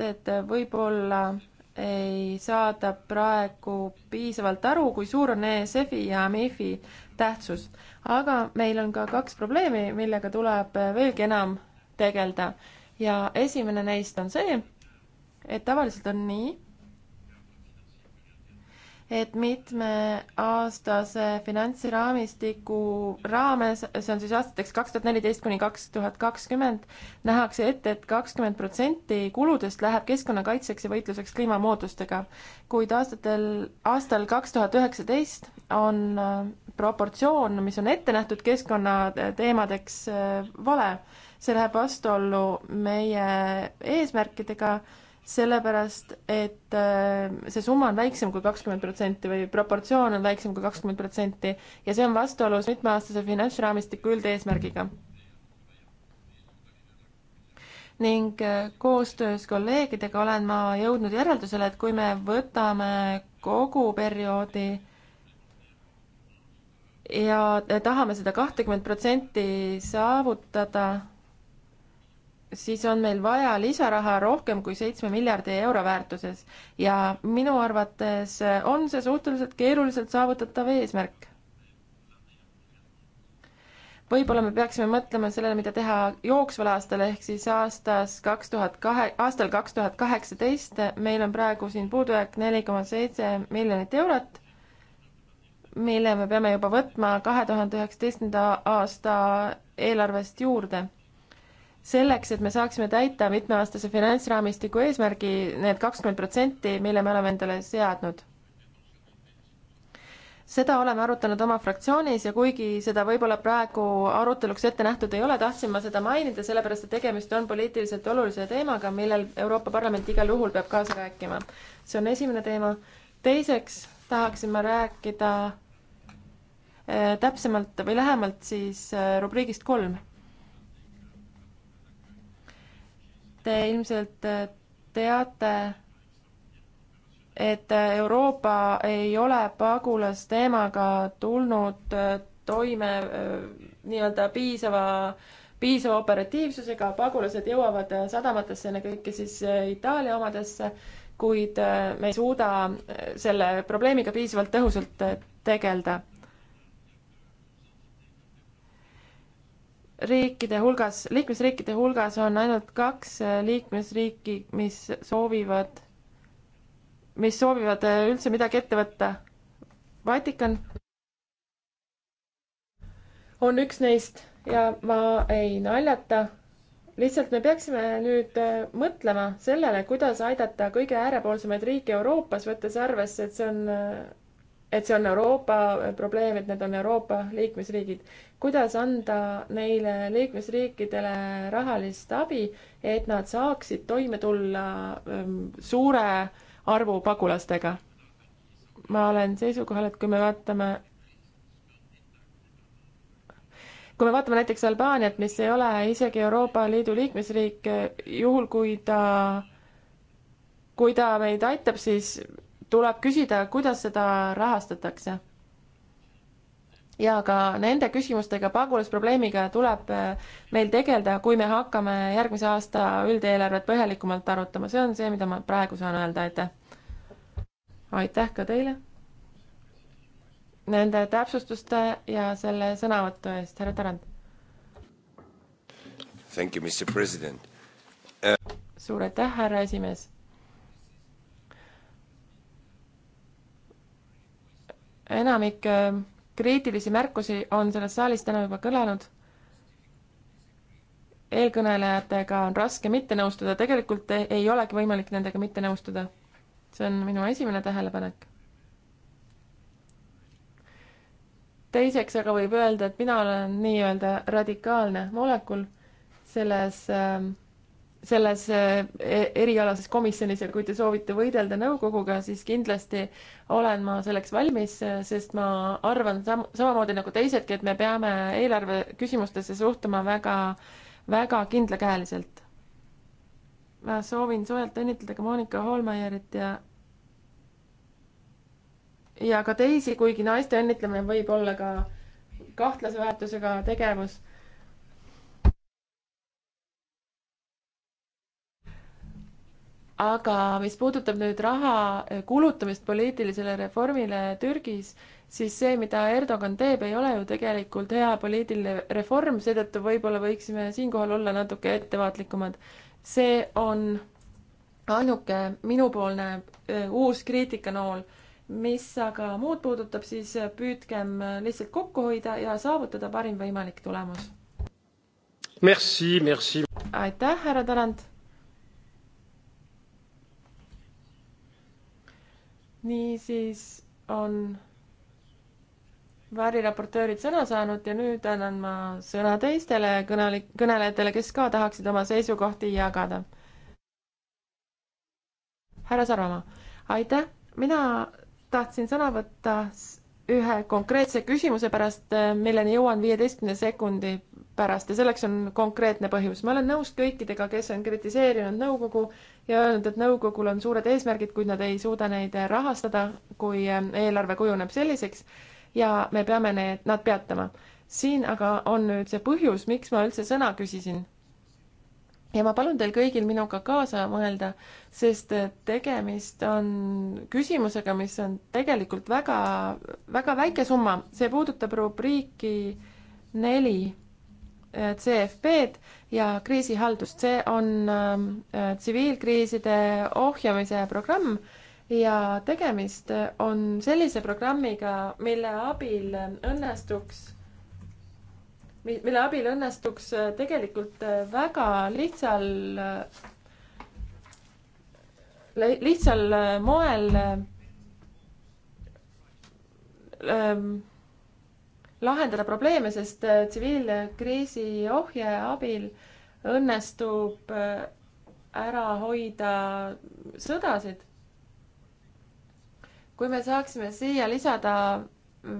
sellepärast et võib-olla ei saada praegu piisavalt aru, kui suur on ESF-i ja MIF-i tähtsus. aga meil on ka kaks probleemi, millega tuleb veelgi enam tegeleda. ja esimene neist on see, et tavaliselt on nii, et mitmeaastase finantsraamistiku raames, see on siis aastateks kaks tuhat neliteist kuni kaks tuhat kakskümmend, nähakse ette et, et kakskümmend protsenti kuludest läheb keskkonnakaitseks ja võitluseks kliimamuutustega. kuid aastatel, aastal kaks tuhat üheksateist on äh, proportsioon, mis on ette nähtud keskkonnateemadeks, äh, äh, vale. see läheb vastuollu meie eesmärkidega sellepärast, et äh, see summa on väiksem kui kakskümmend protsenti või proportsioon on väiksem kui kakskümmend protsenti ja see on vastuolus mitmeaastase finantsraamistiku üldeesmärgiga. ning äh, koostöös kolleegidega olen ma jõudnud järeldusele, et kui me võtame kogu perioodi ja tahame seda kahtekümmet protsenti saavutada siis on meil vaja lisaraha rohkem kui seitsme miljardi euro väärtuses ja minu arvates on see suhteliselt keeruliselt saavutatav eesmärk. võib-olla me peaksime mõtlema sellele, mida teha jooksval aastal ehk siis aastas kaks tuhat kahe, aastal kaks tuhat kaheksateist, meil on praegu siin puudujääk neli koma seitse miljonit eurot, mille me peame juba võtma kahe tuhande üheksateistkümnenda aasta eelarvest juurde selleks, et me saaksime täita mitmeaastase finantsraamistiku eesmärgi, need kakskümmend protsenti, mille me oleme endale seadnud. seda oleme arutanud oma fraktsioonis ja kuigi seda võib-olla praegu aruteluks ette nähtud ei ole, tahtsin ma seda mainida, sellepärast et tegemist on poliitiliselt olulise teemaga, millel Euroopa Parlament igal juhul peab kaasa rääkima. see on esimene teema. teiseks tahaksin ma rääkida eh, täpsemalt või lähemalt siis eh, rubriigist kolm Te ilmselt äh, teate, et äh, Euroopa ei ole pagulasteemaga tulnud äh, toime nii-öelda piisava piisava operatiivsusega, pagulased jõuavad sadamatesse, ennekõike siis Itaalia omadesse, kuid me ei suuda selle probleemiga piisavalt tõhusalt tegeleda riikide hulgas, liikmesriikide hulgas on ainult kaks äh, liikmesriiki, mis soovivad, mis soovivad äh, üldse midagi ette võtta. Vatikan on üks neist ja ma ei naljata. lihtsalt me peaksime nüüd äh, mõtlema sellele, kuidas aidata kõige äärepoolsemaid riike Euroopas, võttes arvesse, et see on et see on Euroopa probleem, et need on Euroopa liikmesriigid. kuidas anda neile liikmesriikidele rahalist abi, et nad saaksid toime tulla ähm, suure arvu pagulastega? ma olen seisukohal, et kui me vaatame kui me vaatame näiteks Albaaniat, mis ei ole isegi Euroopa Liidu liikmesriik, juhul kui ta, kui ta meid aitab, siis tuleb küsida, kuidas seda rahastatakse. ja ka nende küsimustega, pagulasprobleemiga tuleb äh, meil tegeleda, kui me hakkame järgmise aasta üldeelarvet põhjalikumalt arutama, see on see, mida ma praegu saan öelda, aitäh. aitäh ka teile nende täpsustuste ja selle sõnavõtu eest, härra Tarand. Thank you, Mr President uh.... suur aitäh, härra esimees enamik äh, kriitilisi märkusi on selles saalis täna juba kõlanud. eelkõnelejatega on raske mitte nõustuda, tegelikult e-, ei olegi võimalik nendega mitte nõustuda. see on minu esimene tähelepanek. teiseks aga võib öelda, et mina olen nii-öelda radikaalne molekul selles äh, selles eh, e-, erialases komisjonis ja kui te soovite võidelda nõukoguga, siis kindlasti olen ma selleks valmis, sest ma arvan sam-, samamoodi nagu teisedki, et me peame eelarve küsimustesse suhtuma väga, väga kindlakäeliselt. ma soovin soojalt õnnitleda ka Monika Holmeierit ja ja ka teisi, kuigi naiste õnnitlemine võib olla ka kahtlase väärtusega tegevus aga mis puudutab nüüd raha eh, kulutamist poliitilisele reformile Türgis, siis see, mida Erdogan teeb, ei ole ju tegelikult hea poliitiline reform, seetõttu võib-olla võiksime siinkohal olla natuke ettevaatlikumad. see on ainuke minupoolne eh, uus kriitikanool, mis aga muud puudutab, siis eh, püüdkem lihtsalt kokku hoida ja saavutada parim võimalik tulemus. Merci, merci. aitäh, härra Tarand niisiis on variraportöörid sõna saanud ja nüüd annan ma sõna teistele kõnele, kõnelejatele, kes ka tahaksid oma seisukohti jagada. härra Sarvamaa, aitäh, mina tahtsin sõna võtta ühe konkreetse küsimuse pärast, milleni jõuan viieteistkümne sekundi pärast ja selleks on konkreetne põhjus. ma olen nõus kõikidega, kes on kritiseerinud nõukogu ja öelnud, et nõukogul on suured eesmärgid, kuid nad ei suuda neid rahastada, kui eelarve kujuneb selliseks ja me peame need, nad peatama. siin aga on nüüd see põhjus, miks ma üldse sõna küsisin. ja ma palun teil kõigil minuga kaasa mõelda, sest tegemist on küsimusega, mis on tegelikult väga, väga väike summa, see puudutab rubriiki neli Äh, CFP-d ja kriisihaldust. see on ähm, äh, tsiviilkriiside ohjamise programm ja tegemist on sellise programmiga, mille abil õnnestuks, mille abil õnnestuks äh, tegelikult väga lihtsal, lihtsal moel ähm, lahendada probleeme, sest äh, tsiviilkriisi ohje abil õnnestub äh, ära hoida sõdasid. kui me saaksime siia lisada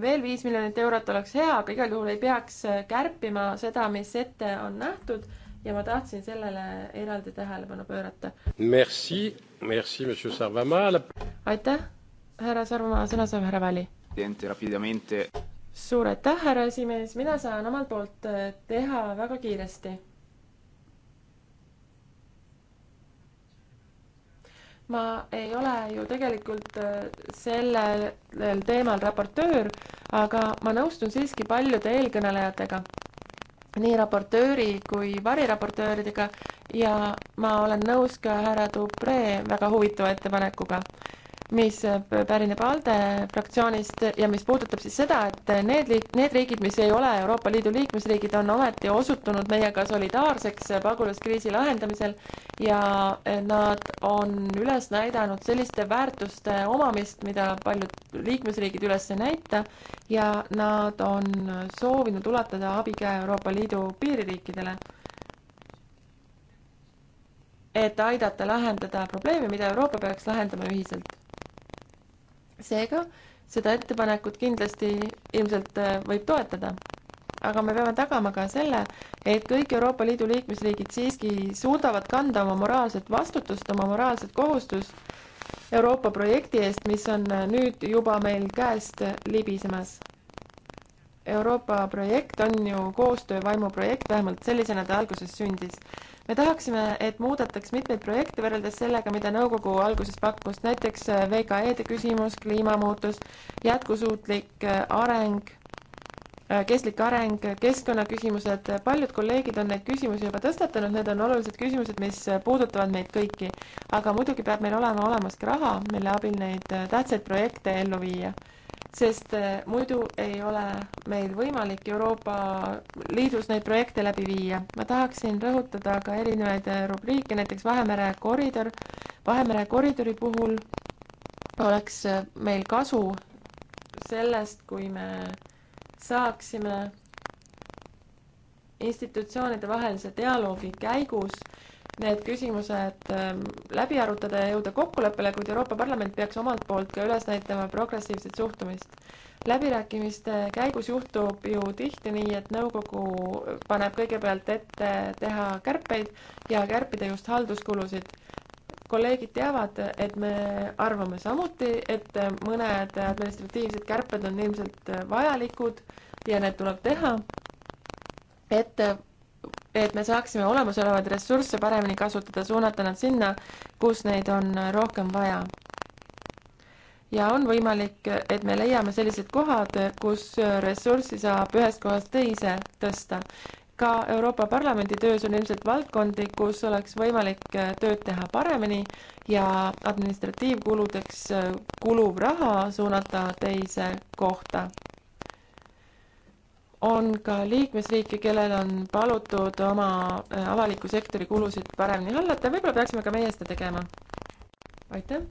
veel viis miljonit eurot, oleks hea, aga igal juhul ei peaks äh, kärpima seda, mis ette on nähtud ja ma tahtsin sellele eraldi tähelepanu pöörata. Merci, merci, monsieur Sarvamaa. aitäh, härra Sarvamaa, sõna saab härra Väli suur aitäh, härra esimees, mina saan omalt poolt äh, teha väga kiiresti. ma ei ole ju tegelikult äh, sellel teemal raportöör, aga ma nõustun siiski paljude eelkõnelejatega, nii raportööri kui variraportööridega ja ma olen nõus ka härra Dupre väga huvitava ettepanekuga mis äh, pärineb ALDE fraktsioonist ja mis puudutab siis seda, et need liik-, need riigid, mis ei ole Euroopa Liidu liikmesriigid, on ometi osutunud meiega solidaarseks äh, pagulaskriisi lahendamisel ja äh, nad on üles näidanud selliste väärtuste omamist, mida paljud liikmesriigid üles ei näita ja nad on soovinud ulatada abikäe Euroopa Liidu piiririikidele et aidata lahendada probleeme, mida Euroopa peaks lahendama ühiselt seega seda ettepanekut kindlasti ilmselt äh, võib toetada, aga me peame tagama ka selle, et kõik Euroopa Liidu liikmesriigid siiski suudavad kanda oma moraalset vastutust, oma moraalset kohustust Euroopa projekti eest, mis on äh, nüüd juba meil käest libisemas. Euroopa projekt on ju koostöövaimu projekt, vähemalt sellisena ta alguses sündis. me tahaksime, et muudetaks mitmeid projekte võrreldes sellega, mida nõukogu alguses pakkus, näiteks äh, VKE-de küsimus, kliimamuutus, jätkusuutlik äh, areng, äh, kestlik areng, keskkonnaküsimused, paljud kolleegid on neid küsimusi juba tõstatanud, need on olulised küsimused, mis puudutavad meid kõiki. aga muidugi peab meil olema olemas ka raha, mille abil neid tähtsaid projekte ellu viia sest eh, muidu ei ole meil võimalik Euroopa Liidus neid projekte läbi viia. ma tahaksin rõhutada ka erinevaid eh, rubriike, näiteks Vahemere koridor. Vahemere koridori puhul oleks eh, meil kasu sellest, kui me saaksime institutsioonide vahelise dialoogi käigus need küsimused ähm, läbi arutada ja jõuda kokkuleppele, kuid Euroopa Parlament peaks omalt poolt ka üles näitama progressiivset suhtumist. läbirääkimiste käigus juhtub ju tihti nii, et nõukogu paneb kõigepealt ette teha kärpeid ja kärpida just halduskulusid. kolleegid teavad, et me arvame samuti, et mõned administratiivsed kärped on ilmselt vajalikud ja need tuleb teha, et et me saaksime olemasolevaid ressursse paremini kasutada, suunata nad sinna, kus neid on rohkem vaja. ja on võimalik, et me leiame sellised kohad, kus ressurssi saab ühest kohast teise tõsta. ka Euroopa Parlamendi töös on ilmselt valdkondi, kus oleks võimalik tööd teha paremini ja administratiivkuludeks kuluv raha suunata teise kohta on ka liikmesriike, kellel on palutud oma äh, avaliku sektori kulusid paremini hallata, võib-olla peaksime ka meie seda tegema. aitäh.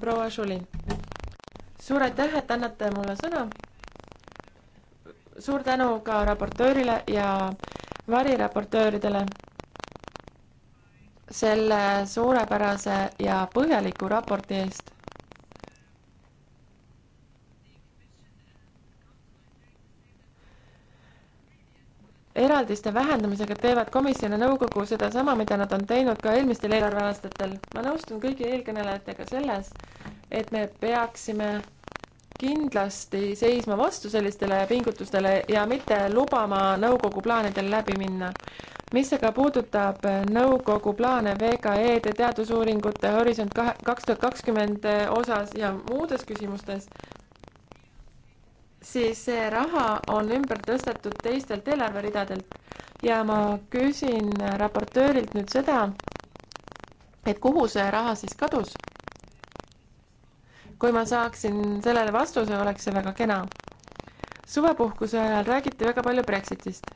proua Šulin, suur aitäh, et annate mulle sõna. suur tänu ka raportöörile ja variraportööridele selle suurepärase ja põhjaliku raporti eest. eraldiste vähendamisega teevad komisjon ja nõukogu sedasama, mida nad on teinud ka eelmistel eelarveaastatel. ma nõustun kõigi eelkõnelejatega selles, et me peaksime kindlasti seisma vastu sellistele pingutustele ja mitte lubama nõukogu plaanidel läbi minna mis aga puudutab äh, nõukogu plaane VKE-de teadusuuringute Horisont kaks tuhat kakskümmend äh, osas ja muudes küsimustes, siis see raha on ümber tõstetud teistelt eelarveridadelt ja ma küsin äh, raportöörilt nüüd seda, et kuhu see raha siis kadus? kui ma saaksin sellele vastuse, oleks see väga kena. suvepuhkuse ajal räägiti väga palju Brexitist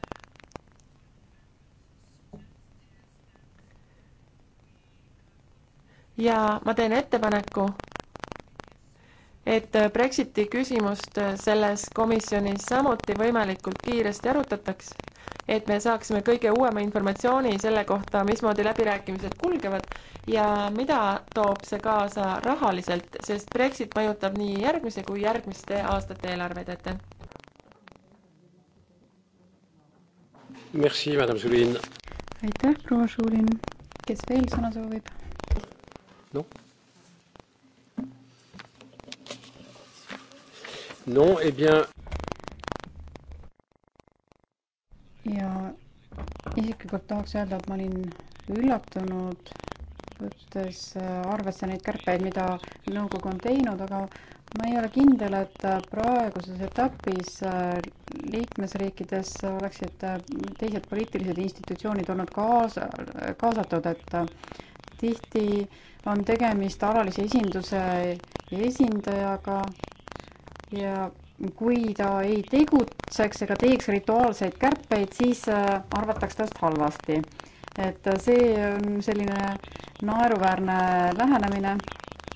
ja ma teen ettepaneku, et Brexiti küsimust selles komisjonis samuti võimalikult kiiresti arutataks, et me saaksime kõige uuema informatsiooni selle kohta, mismoodi läbirääkimised kulgevad ja mida toob see kaasa rahaliselt, sest Brexit mõjutab nii järgmise kui järgmiste aastate eelarveid, aitäh. aitäh, proua Šulin, kes veel sõna soovib? Non Non, eh bien. ja isiklikult tahaks öelda, et ma olin üllatunud, võttes äh, arvesse neid kärpeid, mida nõukogu on teinud, aga ma ei ole kindel, et äh, praeguses etapis äh, liikmesriikides oleksid teised poliitilised institutsioonid olnud kaasa, kaasatud, et tihti on tegemist alalise esinduse esindajaga ja kui ta ei tegutseks ega teeks rituaalseid kärpeid, siis äh, arvataks tast halvasti. et äh, see on selline naeruväärne lähenemine,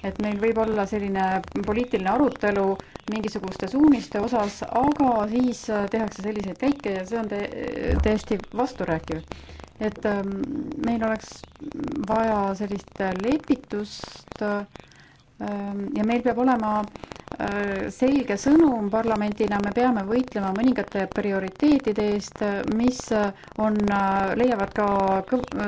et meil võib olla selline poliitiline arutelu mingisuguste suuniste osas, aga siis äh, tehakse selliseid käike ja see on täiesti vasturääkiv et ähm, meil oleks vaja sellist lepitust ähm, ja meil peab olema äh, selge sõnum parlamendina, me peame võitlema mõningate prioriteetide eest, mis on, äh, leiavad ka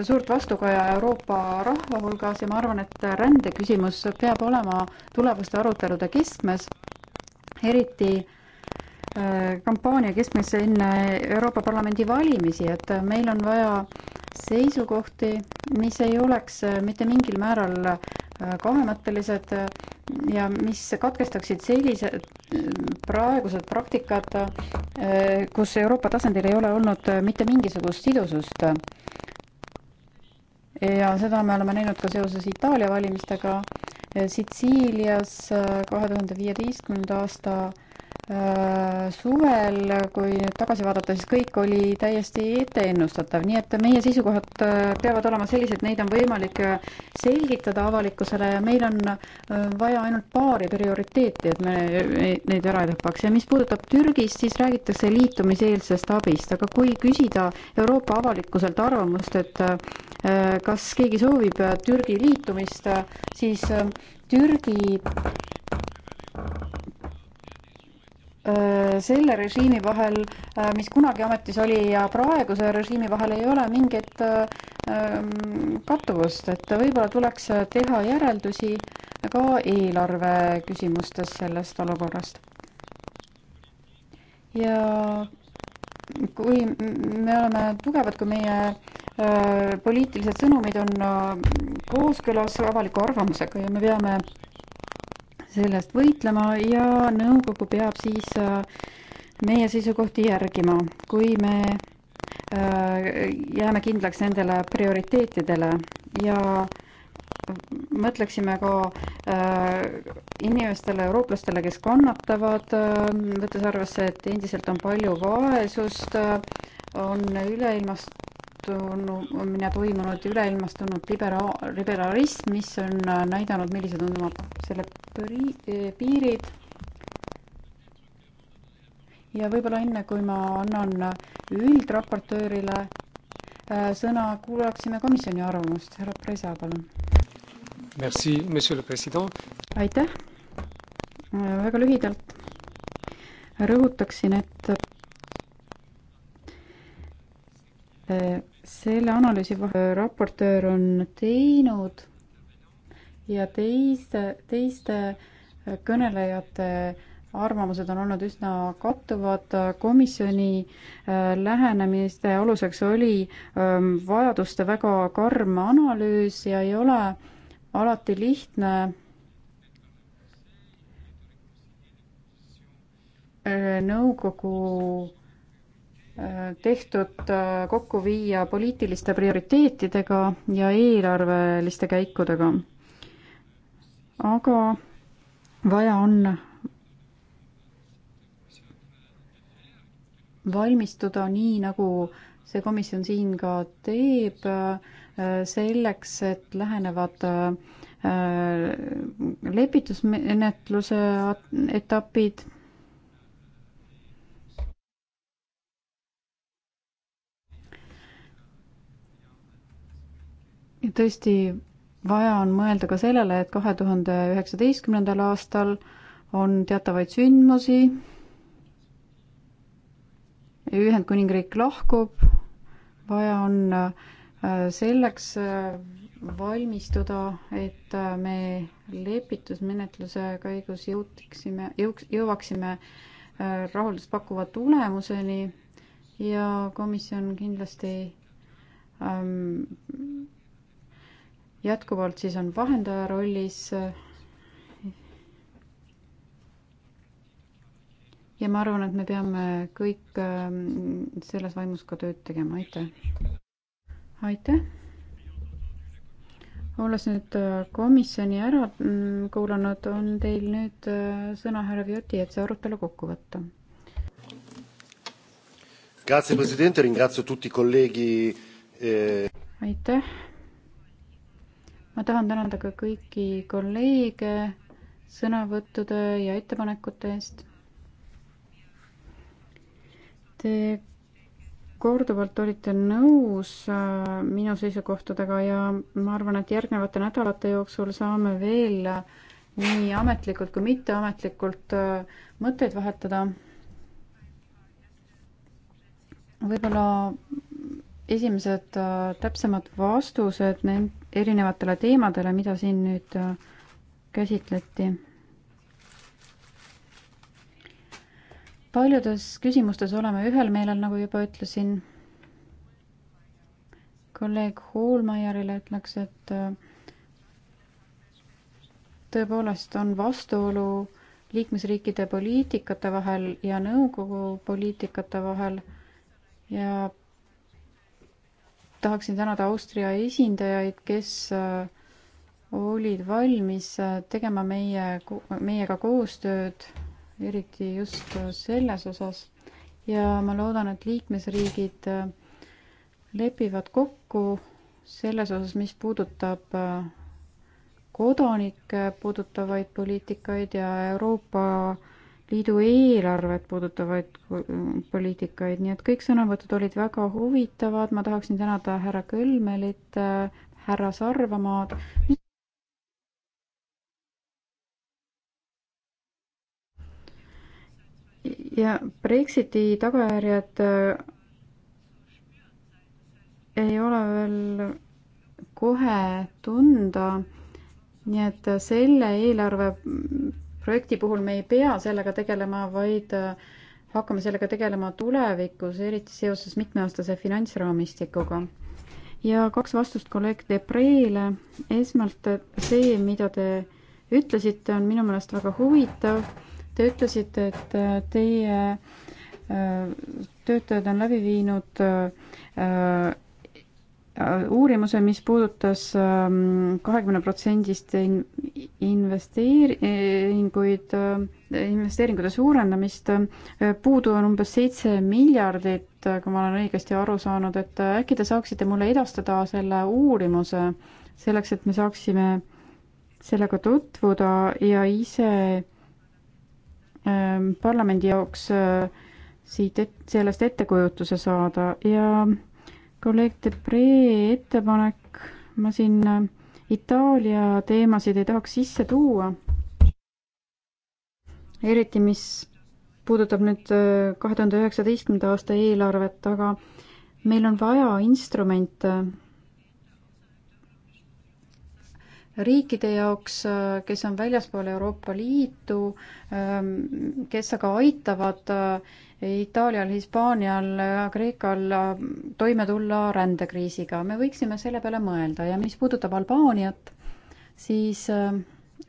suurt vastukaja Euroopa rahva hulgas ja ma arvan, et rändeküsimus peab olema tulevaste arutelude keskmes, eriti äh, Äh, kampaania keskmes enne Euroopa Parlamendi valimisi, et meil on vaja seisukohti, mis ei oleks äh, mitte mingil määral äh, kahemõttelised ja mis katkestaksid sellised praegused praktikad, kus Euroopa tasandil ei ole olnud mitte mingisugust sidusust. ja seda me oleme näinud ka seoses Itaalia valimistega. Sitsiilias kahe tuhande viieteistkümnenda aasta Äh, suvel, kui nüüd tagasi vaadata, siis kõik oli täiesti etteennustatav, nii et meie seisukohad äh, peavad olema sellised, neid on võimalik äh, selgitada avalikkusele ja meil on vaja ainult paari prioriteeti, et me neid ära ei tapaks. ja mis puudutab Türgist, siis räägitakse liitumiseelsest abist, aga kui küsida Euroopa avalikkuselt arvamust, et kas keegi soovib Türgi liitumist, siis Türgi Äh, selle režiimi vahel, äh, mis kunagi ametis oli, ja praeguse režiimi vahel ei ole mingit äh, ähm, kattuvust, et võib-olla tuleks teha järeldusi ka eelarve küsimustes sellest olukorrast. ja kui me oleme tugevad, kui meie poliitilised sõnumid on kooskõlas avaliku arvamusega ja me peame selle eest võitlema ja nõukogu peab siis äh, meie seisukohti järgima, kui me äh, jääme kindlaks nendele prioriteetidele ja mõtleksime ka äh, inimestele, eurooplastele, kes kannatavad äh,, võttes arvesse, et endiselt on palju vaesust äh,, on üleilmast muutumine toimunud üleilmastunud libera-, liberalism, mis on näidanud, millised on tema selle pri-, eh, piirid. ja võib-olla enne, kui ma annan üldraportöörile eh, sõna, kuulaksime komisjoni arvamust. härra Presa, palun. Merci, monsieur le president. aitäh. Eh, väga lühidalt rõhutaksin, et selle analüüsi äh, raportöör on teinud ja teiste, teiste äh, kõnelejate arvamused on olnud üsna kattuvad, komisjoni äh, lähenemiste aluseks oli ähm, vajaduste väga karm analüüs ja ei ole alati lihtne nõukogu tehtud äh, kokku viia poliitiliste prioriteetidega ja eelarveliste käikudega. aga vaja on valmistuda nii, nagu see komisjon siin ka teeb, äh, selleks, et lähenevad äh, lepitusmenetluse etapid tõesti vaja on mõelda ka sellele, et kahe tuhande üheksateistkümnendal aastal on teatavaid sündmusi, Ühendkuningriik lahkub, vaja on äh, selleks äh, valmistuda, et äh, me lepitusmenetluse käigus jõutiksime, jõuks, jõuaksime rahuldust pakkuva tulemuseni ja komisjon kindlasti ähm, jätkuvalt siis on vahendaja rollis. ja ma arvan, et me peame kõik ähm, selles vaimus ka tööd tegema, aitäh. aitäh. olles nüüd äh, komisjoni ära mm, kuulanud, on teil nüüd äh, sõna härra Vioti, et see arutelu kokku võtta. Grazie Presidente, ringrazio tutti i colleghi eh.... aitäh ma tahan tänada ka kõiki kolleege sõnavõttude ja ettepanekute eest. Te korduvalt olite nõus äh, minu seisukohtadega ja ma arvan, et järgnevate nädalate jooksul saame veel äh, nii ametlikult kui mitteametlikult äh, mõtteid vahetada. võib-olla esimesed täpsemad vastused nend-, erinevatele teemadele, mida siin nüüd äh, käsitleti. paljudes küsimustes oleme ühel meelel, nagu juba ütlesin. kolleeg Hoolmeierile ütleks, et äh, tõepoolest on vastuolu liikmesriikide poliitikate vahel ja nõukogu poliitikate vahel ja tahaksin tänada Austria esindajaid, kes äh, olid valmis äh, tegema meie, meiega koostööd, eriti just äh, selles osas. ja ma loodan, et liikmesriigid lepivad kokku selles osas, mis puudutab kodanikke puudutavaid poliitikaid ja Euroopa liidu eelarvet puudutavaid poliitikaid, nii et kõik sõnavõtud olid väga huvitavad, ma tahaksin tänada härra Kõlmelit, härra Sarvamaad. ja Brexiti tagajärjed äh, ei ole veel kohe tunda, nii et selle eelarve projekti puhul me ei pea sellega tegelema, vaid äh, hakkame sellega tegelema tulevikus, eriti seoses mitmeaastase finantsraamistikuga. ja kaks vastust kolleeg Depreele. esmalt see, mida te ütlesite, on minu meelest väga huvitav. Te ütlesite, et äh, teie äh, töötajad on läbi viinud uurimuse, mis puudutas ähm, kahekümne protsendist investeeringuid, äh, investeeringute suurendamist. Äh, puudu on umbes seitse miljardit, äh, kui ma olen õigesti aru saanud, et äkki te saaksite mulle edastada selle uurimuse selleks, et me saaksime sellega tutvuda ja ise ähm, parlamendi jaoks siit et, sellest ettekujutuse saada ja kolleeg Depree ettepanek, ma siin äh, Itaalia teemasid ei tahaks sisse tuua. eriti, mis puudutab nüüd äh, kahe tuhande üheksateistkümnenda aasta eelarvet, aga meil on vaja instrumente riikide jaoks, äh, kes on väljaspool Euroopa Liitu, ähm, kes aga aitavad äh, Itaalial, Hispaanial, äh, Kreekal toime tulla rändekriisiga. me võiksime selle peale mõelda ja mis puudutab Albaaniat, siis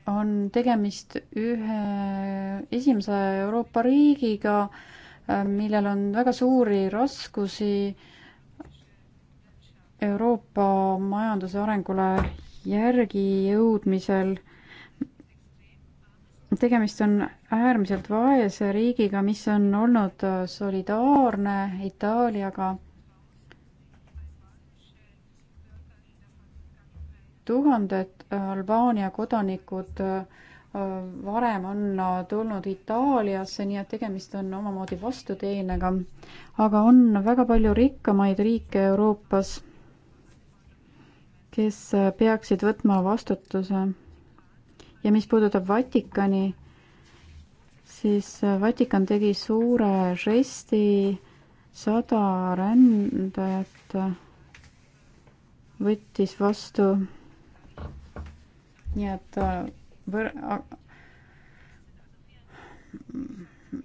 on tegemist ühe esimese Euroopa riigiga, millel on väga suuri raskusi Euroopa majanduse arengule järgi jõudmisel. tegemist on äärmiselt vaese riigiga, mis on olnud solidaarne Itaaliaga. tuhanded Albaania kodanikud äh, varem on tulnud Itaaliasse, nii et tegemist on omamoodi vastuteenega. aga on väga palju rikkamaid riike Euroopas kes peaksid võtma vastutuse. ja mis puudutab Vatikani, siis Vatikan tegi suure žesti, sada rändajat võttis vastu. nii et äh, võr-,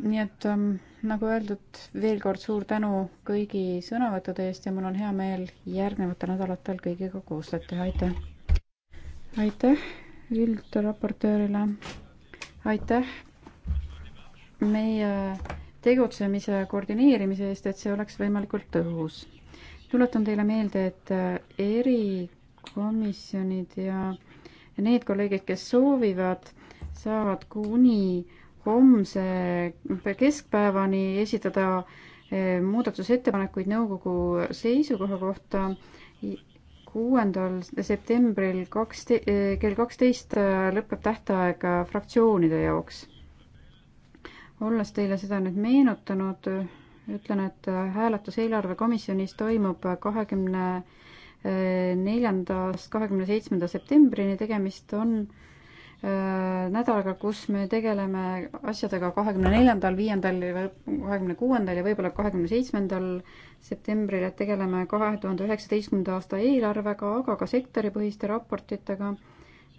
nii et ähm, nagu öeldud, veel kord suur tänu kõigi sõnavõttude eest ja mul on hea meel järgnevatel nädalatel kõigiga koostööd teha, aitäh! aitäh üldraportöörile, aitäh meie tegutsemise koordineerimise eest, et see oleks võimalikult tõhus. tuletan teile meelde, et äh, erikomisjonid ja need kolleegid, kes soovivad, saavad kuni homse keskpäevani esitada eh, muudatusettepanekuid nõukogu seisukoha kohta. kuuendal septembril kaks, eh, kell kaksteist äh, lõpeb tähtaeg fraktsioonide jaoks. olles teile seda nüüd meenutanud, ütlen, et äh, hääletus eelarvekomisjonis toimub kahekümne äh, neljandast kahekümne seitsmenda septembrini, tegemist on äh, Äh, nädalaga, kus me tegeleme asjadega kahekümne neljandal, viiendal, kahekümne kuuendal ja võib-olla kahekümne seitsmendal septembril, et tegeleme kahe tuhande üheksateistkümnenda aasta eelarvega, aga ka sektoripõhiste raportitega,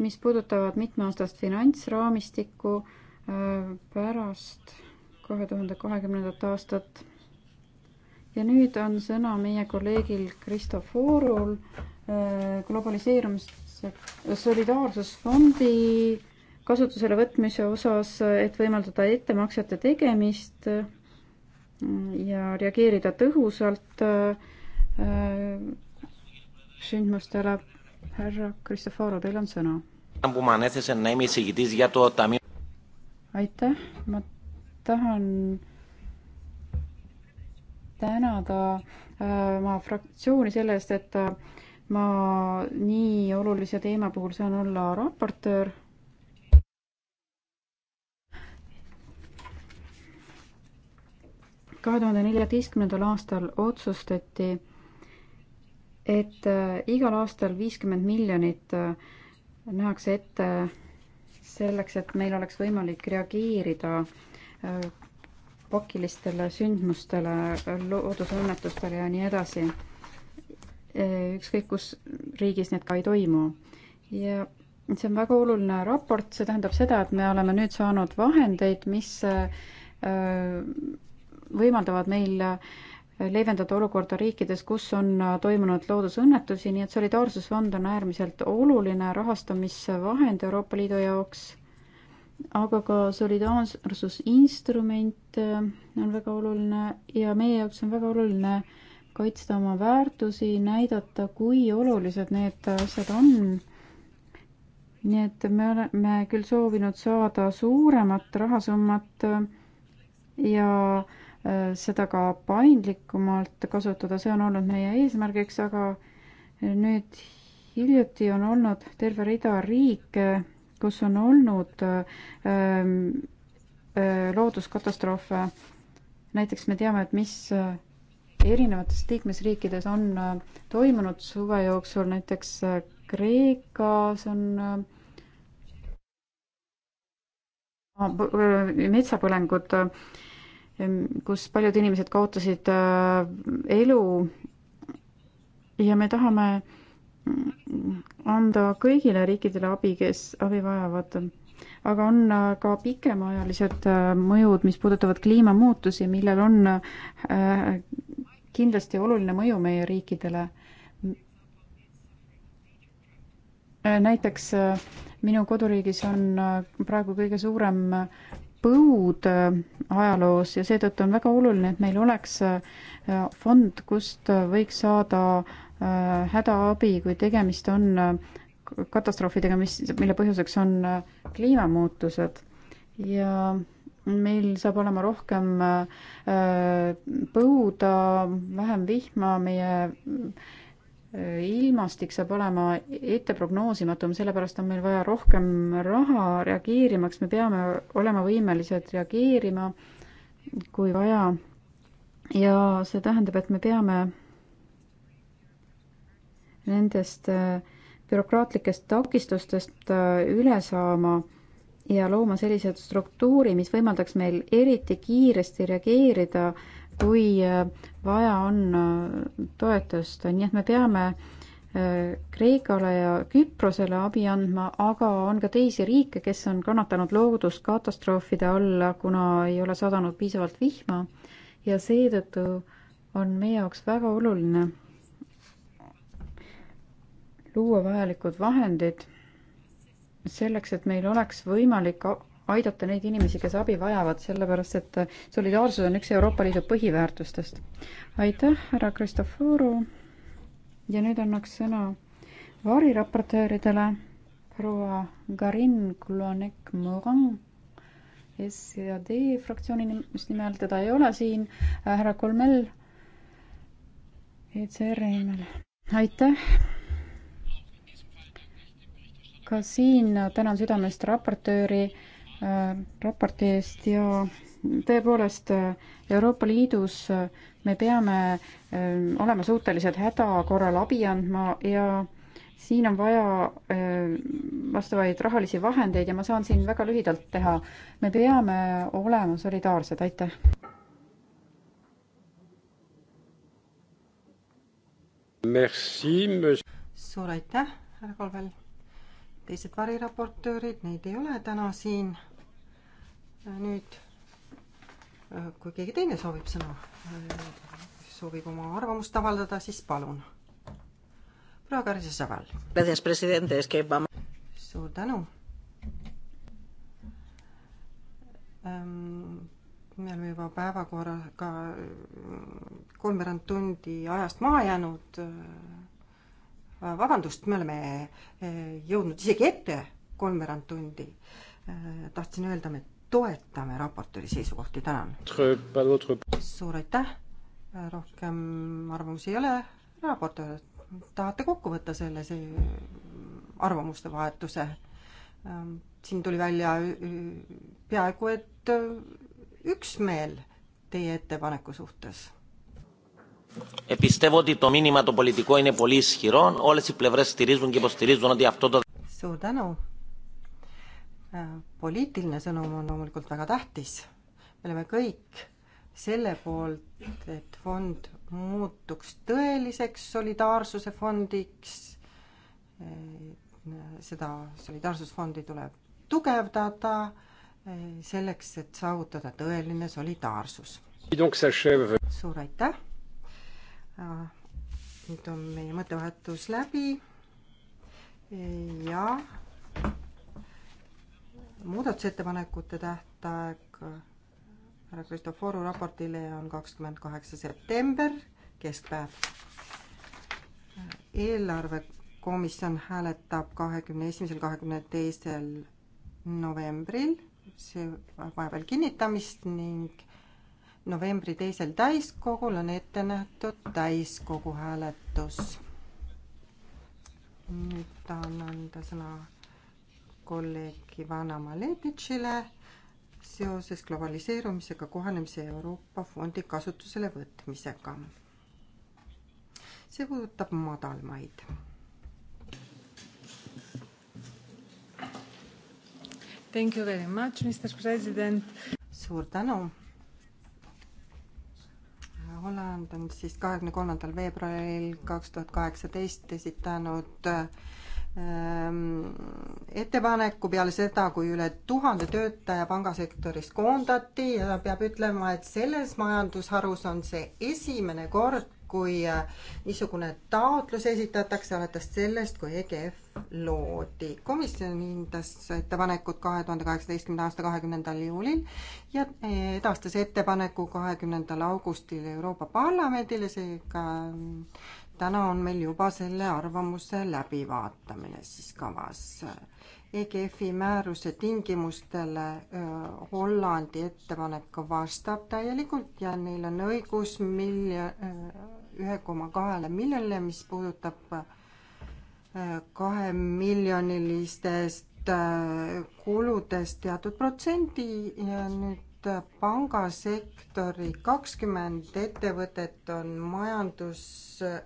mis puudutavad mitmeaastast finantsraamistikku äh, pärast kahe tuhande kahekümnendat aastat. ja nüüd on sõna meie kolleegil Kristo Foorul äh, globaliseerumist solidaarsusfondi kasutusele võtmise osas, et võimaldada ettemaksete tegemist mm, ja reageerida tõhusalt äh, sündmustele. härra Kristoforo, teil on sõna. aitäh, ma tahan tänada äh, oma fraktsiooni selle eest, et ma nii olulise teema puhul saan olla raportöör. kahe tuhande neljateistkümnendal aastal otsustati, et äh, igal aastal viiskümmend miljonit äh, nähakse ette selleks, et meil oleks võimalik reageerida äh, pakilistele sündmustele, loodusõnnetustele ja nii edasi ükskõik kus riigis need ka ei toimu. ja see on väga oluline raport, see tähendab seda, et me oleme nüüd saanud vahendeid, mis äh, võimaldavad meil äh, leevendada olukorda riikides, kus on äh, toimunud loodusõnnetusi, nii et solidaarsusfond on äärmiselt oluline rahastamisvahend Euroopa Liidu jaoks, aga ka solidaarsusinstrument on väga oluline ja meie jaoks on väga oluline äh, kaitsta oma väärtusi, näidata, kui olulised need asjad on. nii et me oleme küll soovinud saada suuremat rahasummat ja äh, seda ka paindlikumalt kasutada, see on olnud meie eesmärgiks, aga nüüd hiljuti on olnud terve rida riike, kus on olnud ähm, äh, looduskatastroofe. näiteks me teame, et mis äh, erinevates liikmesriikides on äh, toimunud suve jooksul, näiteks äh, Kreekas on äh, metsapõlengud, kus paljud inimesed kaotasid elu ja me tahame mm, anda kõigile riikidele abi, kes abi vajavad aga on ka pikemaajalised mõjud, mis puudutavad kliimamuutusi, millel on kindlasti oluline mõju meie riikidele. näiteks äh, minu koduriigis on äh, praegu kõige suurem äh, põud ajaloos ja seetõttu on väga oluline, et meil oleks fond, kust võiks saada hädaabi, kui tegemist on katastroofidega, mis, mille põhjuseks on kliimamuutused ja meil saab olema rohkem äh, põuda, vähem vihma, meie äh, ilmastik saab olema etteprognoosimatum, sellepärast on meil vaja rohkem raha reageerimaks, me peame olema võimelised reageerima, kui vaja. ja see tähendab, et me peame nendest äh, bürokraatlikest takistustest üle saama ja looma sellise struktuuri, mis võimaldaks meil eriti kiiresti reageerida, kui äh, vaja on äh, toetust, nii et me peame äh, Kreekale ja Küprosele abi andma, aga on ka teisi riike, kes on kannatanud looduskatastroofide alla, kuna ei ole sadanud piisavalt vihma ja seetõttu on meie jaoks väga oluline luua vajalikud vahendid selleks, et meil oleks võimalik aidata neid inimesi, kes abi vajavad, sellepärast et solidaarsus on üks Euroopa Liidu põhiväärtustest. aitäh, härra Kristoforu. ja nüüd annaks sõna variraportööridele. proua Karin Kulonek-Moran SEAD fraktsiooni nimel, teda ei ole siin, äh, härra Kolmel ECR-i nimel. aitäh ka siin tänan südamest raportööri äh, raporti eest ja tõepoolest äh, Euroopa Liidus äh, me peame äh, olema suutelised häda korral abi andma ja siin on vaja äh, vastavaid rahalisi vahendeid ja ma saan siin väga lühidalt teha. me peame olema solidaarsed, aitäh. suur aitäh, härra Kolvel teised variraportöörid, neid ei ole täna siin. nüüd, kui keegi teine soovib sõna, soovib oma arvamust avaldada, siis palun. proua Kärsis-Saval. suur tänu. Ehm, me oleme juba päevakorraga kolmveerand tundi ajast maha jäänud Äh, vabandust, me oleme äh, jõudnud isegi ette kolmveerand tundi. Äh, tahtsin öelda, me toetame raportööri seisukohti, tänan. suur aitäh, rohkem arvamusi ei ole, raportöör, tahate kokku võtta selle, see arvamuste vahetuse? Ähm, siin tuli välja peaaegu et üksmeel teie ettepaneku suhtes Ε, πιστεύω ότι το μήνυμα το πολιτικό είναι πολύ ισχυρό. Όλες οι πλευρές στηρίζουν και υποστηρίζουν ότι αυτό το... Suur tänu. Poliitiline sõnum on loomulikult väga tähtis. Me oleme kõik selle poolt, et fond muutuks tõeliseks solidaarsuse fondiks. E, seda solidaarsusfondi tuleb tugevdada e, selleks, et saavutada tõeline solidaarsus. Suur aitäh! nüüd on meie mõttevahetus läbi ja muudatusettepanekute tähtaeg härra Kristoforu raportile on kakskümmend kaheksa september, keskpäev. eelarvekomisjon hääletab kahekümne esimesel, kahekümne teisel novembril, see vajab veel kinnitamist ning novembri teisel täiskogul on ette nähtud täiskogu hääletus. nüüd tahan anda sõna kolleeg Ivana Maletitšile seoses globaliseerumisega kohanemise Euroopa fondi kasutusele võtmisega. see puudutab madalmaid. Thank you very much, Mr President. suur tänu Holland on siis kahekümne kolmandal veebruaril kaks tuhat kaheksateist esitanud ähm, ettepaneku peale seda, kui üle tuhande töötaja pangasektoris koondati ja peab ütlema, et selles majandusharus on see esimene kord, kui äh, niisugune taotlus esitatakse alates sellest, kui EGF loodi. komisjon hindas ettepanekut kahe tuhande kaheksateistkümnenda aasta kahekümnendal juulil ja eh, edastas ettepaneku kahekümnendal augustil Euroopa Parlamendile, seega mm, täna on meil juba selle arvamuse läbivaatamine siis kavas. EGF-i määruse tingimustele Hollandi ettepanek vastab täielikult ja neil on õigus miljon, ühe koma kahele miljonile, mis puudutab äh, kahemiljonilistest äh, kuludest teatud protsendi ja nüüd äh, pangasektori kakskümmend ettevõtet on majandus,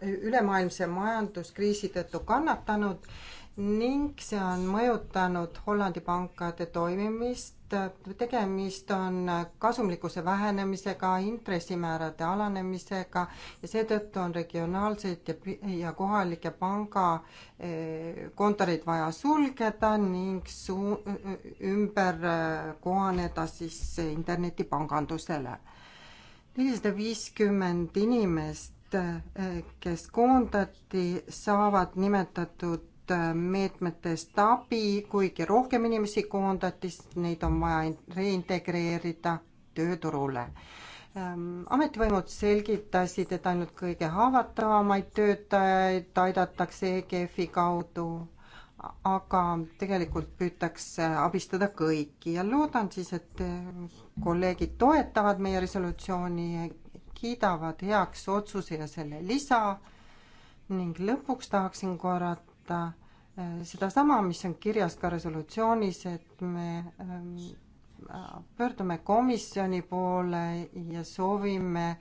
ülemaailmse majanduskriisi tõttu kannatanud ning see on mõjutanud Hollandi pankade toimimist tegemist on kasumlikkuse vähenemisega, intressimäärade alanemisega ja seetõttu on regionaalseid ja, ja kohalikke pangakontoreid eh, vaja sulgeda ning suu-, ümber kohaneda siis internetipangandusele. nelisada viiskümmend inimest, eh, kes koondati, saavad nimetatud Äh, meetmetest abi, kuigi rohkem inimesi koondati, sest neid on vaja reintegreerida tööturule. Ähm, ametivõimud selgitasid, et ainult kõige haavatavamaid töötajaid aidatakse EGF-i kaudu, aga tegelikult püütakse abistada kõiki ja loodan siis, et äh, kolleegid toetavad meie resolutsiooni, kiidavad heaks otsuse ja selle lisa ning lõpuks tahaksin korrata, öelda sedasama, mis on kirjas ka resolutsioonis, et me ähm, pöördume komisjoni poole ja soovime,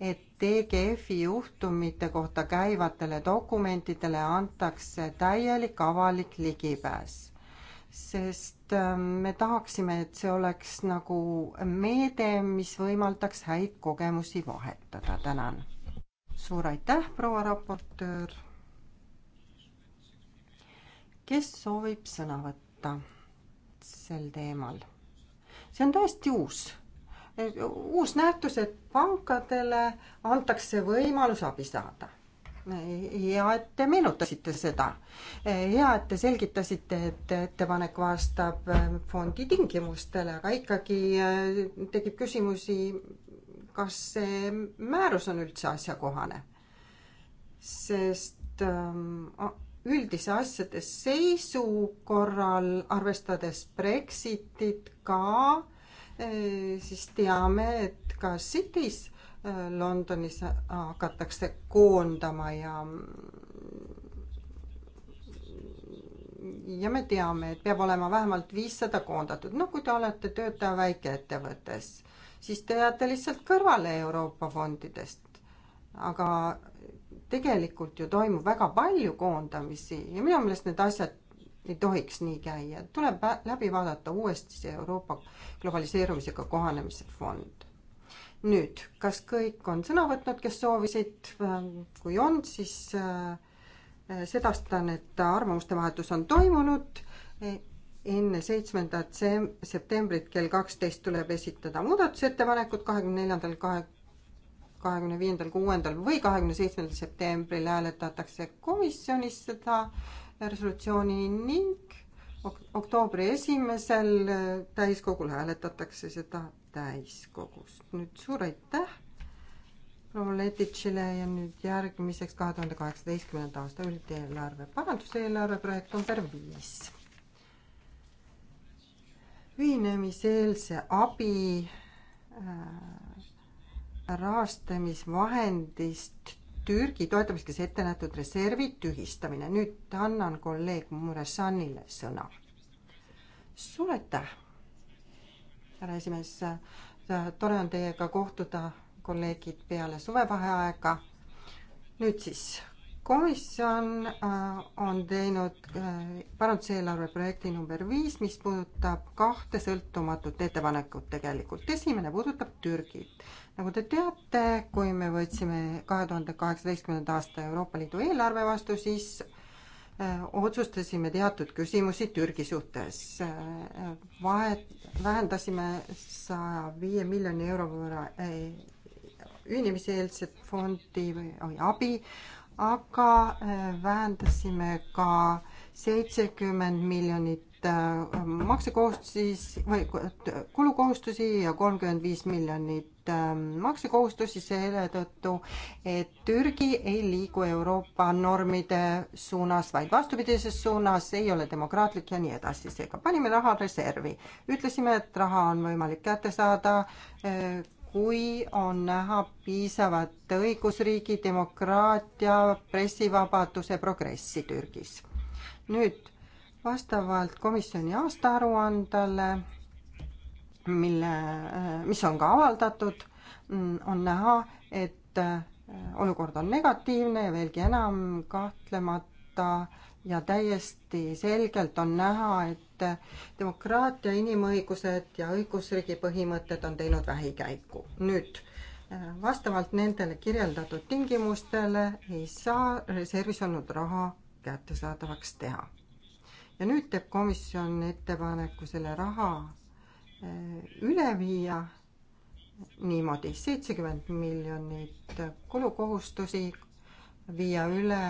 et TGF-i juhtumite kohta käivatele dokumentidele antakse täielik avalik ligipääs. sest ähm, me tahaksime, et see oleks nagu meede, mis võimaldaks häid kogemusi vahetada. tänan. suur aitäh, proua raportöör kes soovib sõna võtta sel teemal? see on täiesti uus, uus nähtus, et pankadele antakse võimalus abi saada hea, et te meenutasite seda. hea, et te selgitasite, et ettepanek vastab fondi tingimustele, aga ikkagi eh, tekib küsimusi, kas see määrus on üldse asjakohane? sest ähm, üldise asjade seisu korral, arvestades Brexitit ka, eh, siis teame, et ka City's eh, Londonis hakatakse koondama ja ja me teame, et peab olema vähemalt viissada koondatud. no kui te olete töötaja väikeettevõttes, siis te jääte lihtsalt kõrvale Euroopa fondidest. aga tegelikult ju toimub väga palju koondamisi ja minu meelest need asjad ei tohiks nii käia, tuleb läbi vaadata uuesti see Euroopa globaliseerumisega kohanemise fond. nüüd, kas kõik on sõna võtnud, kes soovisid, kui on, siis äh, sedastan, et arvamuste vahetus on toimunud enne seitsmendat septembrit kell kaksteist tuleb esitada muudatusettepanekud, kahekümne neljandal, kahe, kahekümne viiendal, kuuendal või kahekümne seitsmendal septembril hääletatakse komisjonis seda resolutsiooni ning oktoobri esimesel täiskogul hääletatakse seda täiskogus. nüüd suur aitäh proua Letitšile ja nüüd järgmiseks kahe tuhande kaheksateistkümnenda aasta üldeelarve, paranduseelarve projekt number viis. ühinemiseelse abi äh, rahastamisvahendist Türgi toetamiseks ette nähtud reservi tühistamine. nüüd annan kolleeg Muresanile sõna. suur aitäh, härra esimees. tore on teiega kohtuda, kolleegid, peale suvevaheaega. nüüd siis komisjon äh, on teinud äh, paranduseelarve projekti number viis, mis puudutab kahte sõltumatut ettepanekut tegelikult. esimene puudutab Türgit. nagu te teate, kui me võtsime kahe tuhande kaheksateistkümnenda aasta Euroopa Liidu eelarve vastu, siis äh, otsustasime teatud küsimusi Türgi suhtes. vahet, vähendasime saja viie miljoni euro võrra ühinemiseelset fondi või abi, aga äh, vähendasime ka seitsekümmend miljonit äh, maksekohustusi või äh, kulukohustusi ja kolmkümmend viis miljonit maksekohustusi selle tõttu, et Türgi ei liigu Euroopa normide suunas, vaid vastupidises suunas, ei ole demokraatlik ja nii edasi, seega panime raha reservi. ütlesime, et raha on võimalik kätte saada kui on näha piisavat õigusriigi, demokraatia, pressivabaduse progressi Türgis. nüüd vastavalt komisjoni aastaaruandele, mille, mis on ka avaldatud, on näha, et olukord on negatiivne ja veelgi enam kahtlemata ja täiesti selgelt on näha, et et demokraatia, inimõigused ja õigusriigi põhimõtted on teinud vähikäiku. nüüd äh, vastavalt nendele kirjeldatud tingimustele ei saa reservis olnud raha kättesaadavaks teha. ja nüüd teeb komisjon ettepaneku selle raha äh, üle viia niimoodi seitsekümmend miljonit kulukohustusi viia üle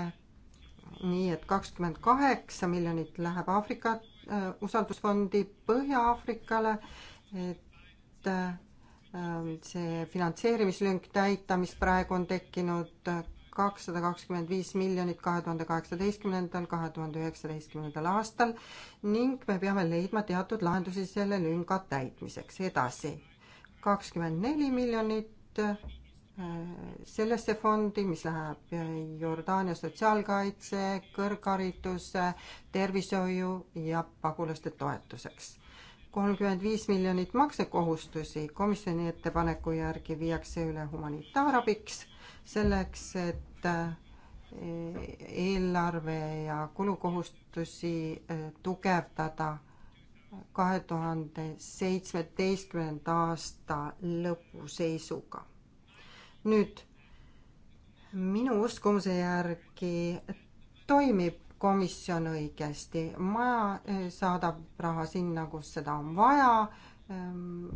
nii, et kakskümmend kaheksa miljonit läheb Aafrikat Äh, usaldusfondi Põhja-Aafrikale, et äh, see finantseerimislünk täita, mis praegu on tekkinud, kakssada kakskümmend viis miljonit kahe tuhande kaheksateistkümnendal, kahe tuhande üheksateistkümnendal aastal ning me peame leidma teatud lahendusi selle lünga täitmiseks. edasi, kakskümmend neli miljonit sellesse fondi, mis läheb Jordaania sotsiaalkaitse, kõrghariduse, tervishoiu ja pagulaste toetuseks. kolmkümmend viis miljonit maksekohustusi komisjoni ettepaneku järgi viiakse üle humanitaarabiks, selleks et eh, eelarve ja kulukohustusi eh, tugevdada kahe tuhande seitsmeteistkümnenda aasta lõpu seisuga nüüd minu uskumuse järgi toimib komisjon õigesti, maja eh, saadab raha sinna, kus seda on vaja, ehm,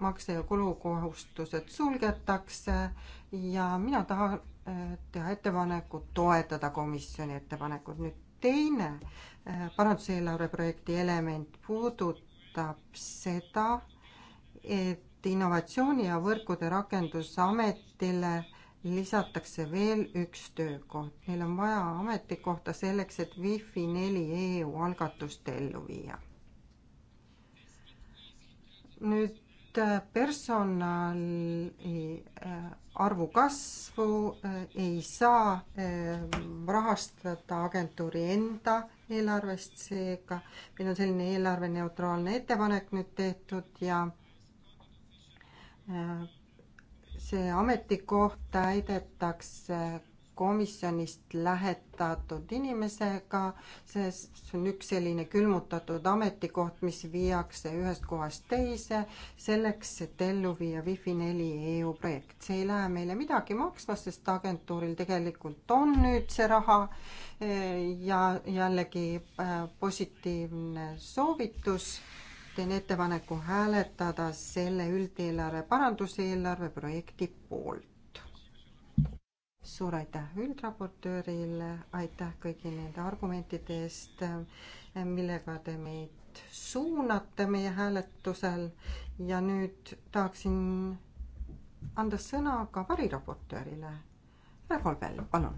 makse- ja kulukohustused sulgetakse ja mina tahan eh, teha ettepaneku toetada komisjoni ettepanekut. nüüd teine eh, paranduseelarve projekti element puudutab seda, et Innovatsiooni ja Võrkude Rakendusametile lisatakse veel üks töökoht. Neil on vaja ametikohta selleks, et Wi-Fi neli EU algatust ellu viia. nüüd äh, personali äh, arvu kasvu äh, ei saa rahastada agentuuri enda eelarvest, seega meil on selline eelarveneutraalne ettepanek nüüd tehtud ja see ametikoht täidetakse komisjonist lähetatud inimesega, sest see on üks selline külmutatud ametikoht, mis viiakse ühest kohast teise, selleks, et ellu viia Wi-Fi neli EU projekt. see ei lähe meile midagi maksma, sest agentuuril tegelikult on nüüd see raha eh, ja jällegi eh, positiivne soovitus teen ettepaneku hääletada selle üldeelarve paranduseelarve projekti poolt. suur aitäh üldraportöörile, aitäh kõigi nende argumentide eest, millega te meid suunate meie hääletusel ja nüüd tahaksin anda sõna ka variraportöörile. härra Kolbel, palun.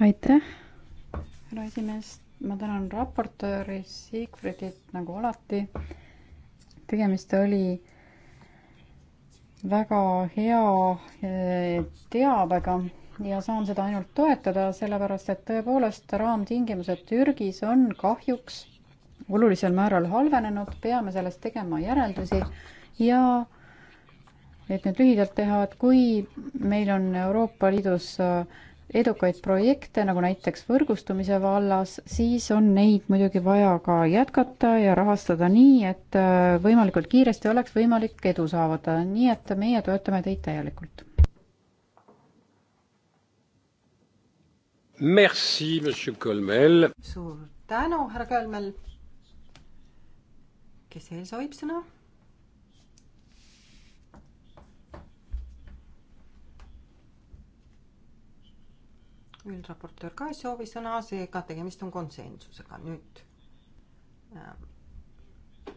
aitäh, härra esimees ma tänan raportööri Siegfriedit nagu alati. tegemist oli väga hea eh, teabega ja saan seda ainult toetada, sellepärast et tõepoolest raamtingimused Türgis on kahjuks olulisel määral halvenenud, peame sellest tegema järeldusi ja et nüüd lühidalt teha, et kui meil on Euroopa Liidus äh, edukaid projekte, nagu näiteks võrgustumise vallas, siis on neid muidugi vaja ka jätkata ja rahastada nii, et äh, võimalikult kiiresti oleks võimalik edu saavutada, nii et meie toetame teid täielikult. Merci, monsieur Kölmel. suur tänu, härra Kölmel. kes veel soovib sõna? üldraportöör ka ei soovi sõna, seega tegemist on konsensusega. nüüd äh,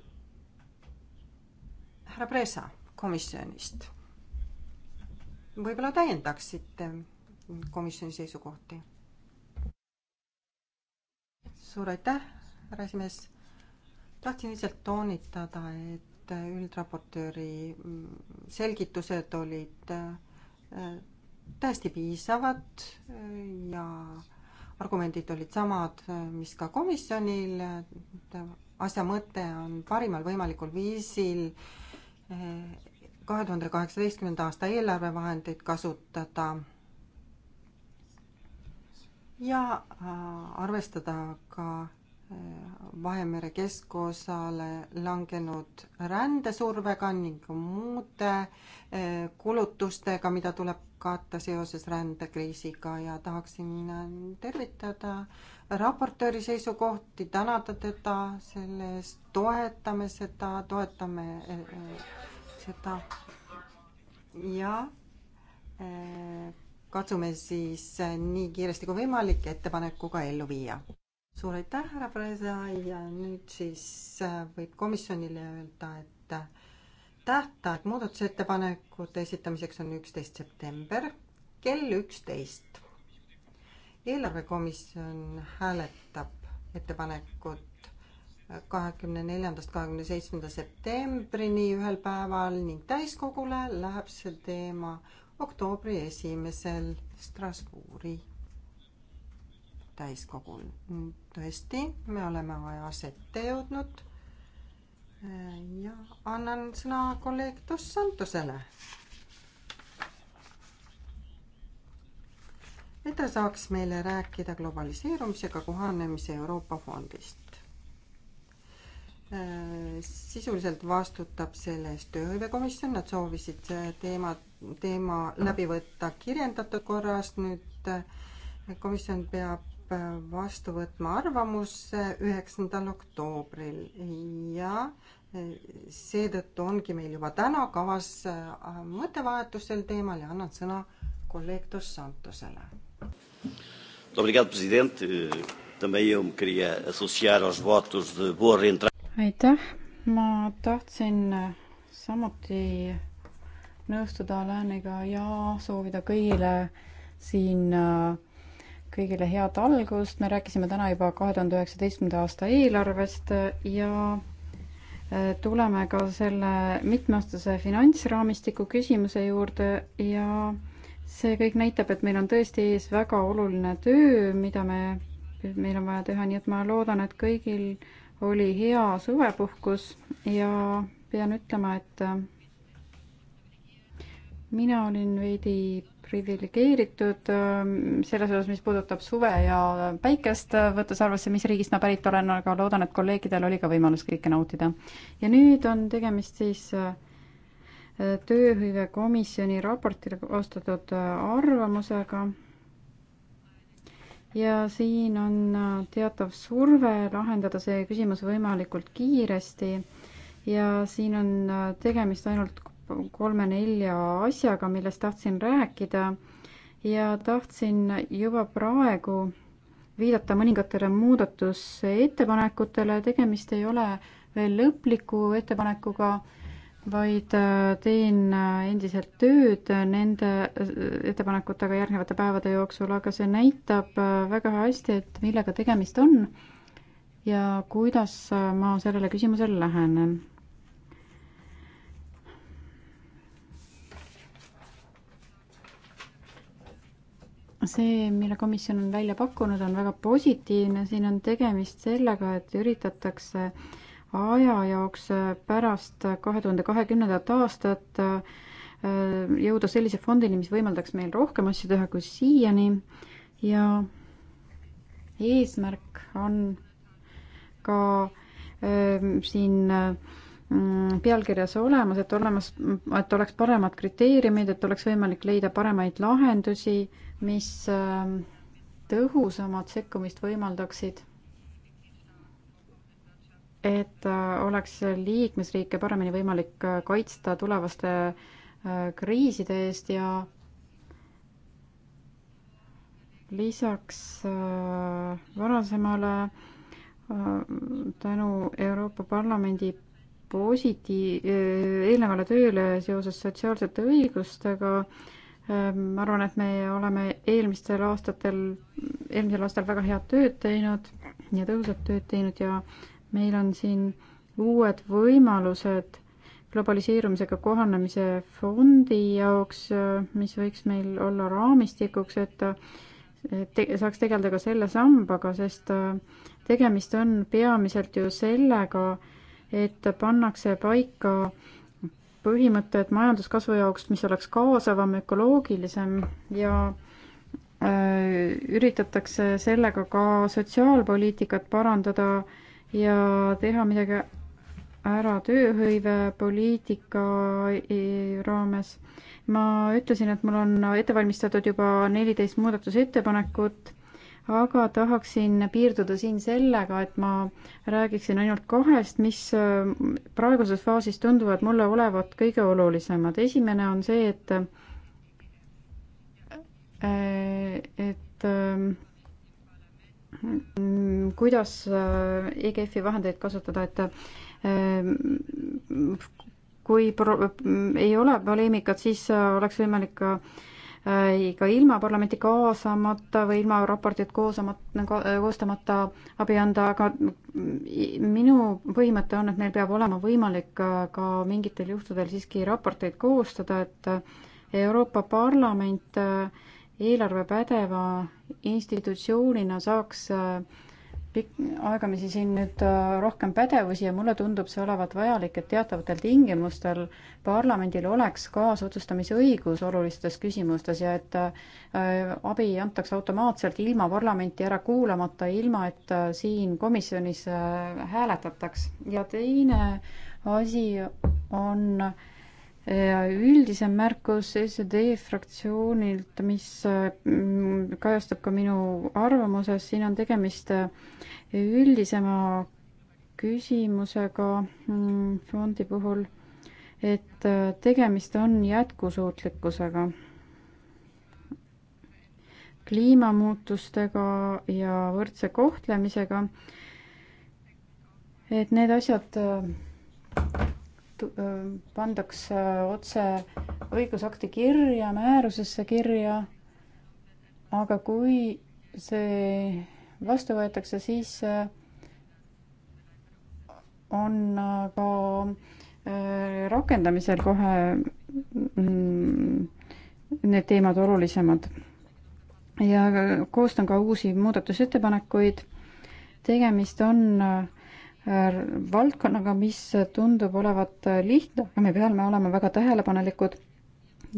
härra Presa komisjonist. võib-olla täiendaksite komisjoni seisukohti? suur aitäh, härra esimees. tahtsin lihtsalt toonitada, et üldraportööri selgitused olid äh, täiesti piisavad äh, ja argumendid olid samad, äh, mis ka komisjonil. asja mõte on parimal võimalikul viisil äh, kahe tuhande kaheksateistkümnenda aasta eelarvevahendeid kasutada ja arvestada ka Vahemere keskosale langenud rändesurvega ning muude kulutustega, mida tuleb katta seoses rändekriisiga ja tahaksin tervitada raportööri seisukohti, tänada teda selle eest, toetame seda, toetame eh, seda ja eh, katsume siis eh, nii kiiresti kui võimalik ettepaneku ka ellu viia. suur aitäh, härra Preza ja nüüd siis võib komisjonile öelda, et tähtaeg muudatusettepanekute esitamiseks on üksteist september kell üksteist. eelarvekomisjon hääletab ettepanekut kahekümne neljandast kahekümne seitsmenda septembrini ühel päeval ning täiskogule läheb see teema oktoobri esimesel Strasbourgi täiskogul. tõesti, me oleme ajas ette jõudnud ja annan sõna kolleeg Dos Santosele. et ta saaks meile rääkida globaliseerumisega kohanemise Euroopa fondist. Äh, sisuliselt vastutab selle eest tööhõivekomisjon, nad soovisid teema, teema läbi võtta kirjeldatud korras, nüüd äh, komisjon peab vastu võtma arvamuse üheksandal oktoobril ja eh, seetõttu ongi meil juba täna kavas eh, mõttevahetus sel teemal ja annan sõna kolleeg Dos Santosele. aitäh, ma tahtsin eh, samuti nõustuda Lääniga ja soovida kõigile siin äh, kõigile head algust, me rääkisime täna juba kahe tuhande üheksateistkümnenda aasta eelarvest ja äh, tuleme ka selle mitmeaastase finantsraamistiku küsimuse juurde ja see kõik näitab, et meil on tõesti ees väga oluline töö, mida me, meil on vaja teha, nii et ma loodan, et kõigil oli hea suvepuhkus ja pean ütlema, et äh, mina olin veidi priviligeeritud ähm, selles osas, mis puudutab suve ja päikest, äh, võttes arvesse, mis riigist ma pärit olen, aga loodan, et kolleegidel oli ka võimalus kõike nautida. ja nüüd on tegemist siis äh, tööhõivekomisjoni raportile koostatud äh, arvamusega. ja siin on teatav surve lahendada see küsimus võimalikult kiiresti ja siin on tegemist ainult kolme-nelja asjaga, millest tahtsin rääkida ja tahtsin juba praegu viidata mõningatele muudatusettepanekutele, tegemist ei ole veel lõpliku ettepanekuga, vaid äh, teen äh, endiselt tööd nende äh, ettepanekutega järgnevate päevade jooksul, aga see näitab väga hästi, et millega tegemist on ja kuidas ma sellele küsimusele lähenen see, mille komisjon on välja pakkunud, on väga positiivne, siin on tegemist sellega, et üritatakse aja jaoks pärast kahe tuhande kahekümnendat aastat äh, jõuda sellise fondini, mis võimaldaks meil rohkem asju teha kui siiani ja eesmärk on ka äh, siin äh, pealkirjas olemas, et olemas, et oleks paremad kriteeriumid, et oleks võimalik leida paremaid lahendusi mis ähm, tõhusamat sekkumist võimaldaksid, et äh, oleks liikmesriike paremini võimalik äh, kaitsta tulevaste äh, kriiside eest ja lisaks varasemale tänu Euroopa Parlamendi positiiv, eelnevale tööle seoses sotsiaalsete õigustega äh, Ehm, ma arvan, et me oleme eelmistel aastatel, eelmisel aastal väga head tööd teinud ja tõhusat tööd teinud ja meil on siin uued võimalused globaliseerumisega kohanemise fondi jaoks, ehm, mis võiks meil olla raamistikuks, et te, saaks tegeleda ka selle sambaga, sest ehm, tegemist on peamiselt ju sellega, et pannakse paika põhimõtted majanduskasvu jaoks, mis oleks kaasavam, ökoloogilisem ja äh, üritatakse sellega ka sotsiaalpoliitikat parandada ja teha midagi ära tööhõivepoliitika äh, raames. ma ütlesin, et mul on ette valmistatud juba neliteist muudatusettepanekut aga tahaksin piirduda siin sellega, et ma räägiksin ainult kahest, mis äh, praeguses faasis tunduvad mulle olevat kõige olulisemad. esimene on see, et äh, et äh, kuidas EGF-i vahendeid kasutada, et kui pro-, ei ole poleemikat, siis oleks võimalik ka Äh, ka ilma parlamenti kaasamata või ilma raportit koosamata, nagu, äh, koostamata abi anda, aga minu põhimõte on, et meil peab olema võimalik äh, ka mingitel juhtudel siiski raporteid koostada, et Euroopa Parlament eelarvepädeva institutsioonina saaks äh, pikk aegamisi siin nüüd äh, rohkem pädevusi ja mulle tundub see olevat vajalik, et teatavatel tingimustel parlamendil oleks kaasotsustamise õigus olulistes küsimustes ja et äh, abi antakse automaatselt ilma parlamenti ära kuulamata, ilma et äh, siin komisjonis hääletataks. ja teine asi on äh, üldisem märkus SD fraktsioonilt, mis mm, kajastub ka minu arvamuses, siin on tegemist äh, üldisema küsimusega mm, fondi puhul, et äh, tegemist on jätkusuutlikkusega, kliimamuutustega ja võrdse kohtlemisega, et need asjad äh, pandakse otse õigusakti kirja, määrusesse kirja, aga kui see vastu võetakse, siis on äh, ka rakendamisel kohe mm, need teemad olulisemad. ja koostan ka uusi muudatusettepanekuid. tegemist on äh, Äh, valdkonnaga, mis tundub olevat äh, lihtne, aga me peame olema väga tähelepanelikud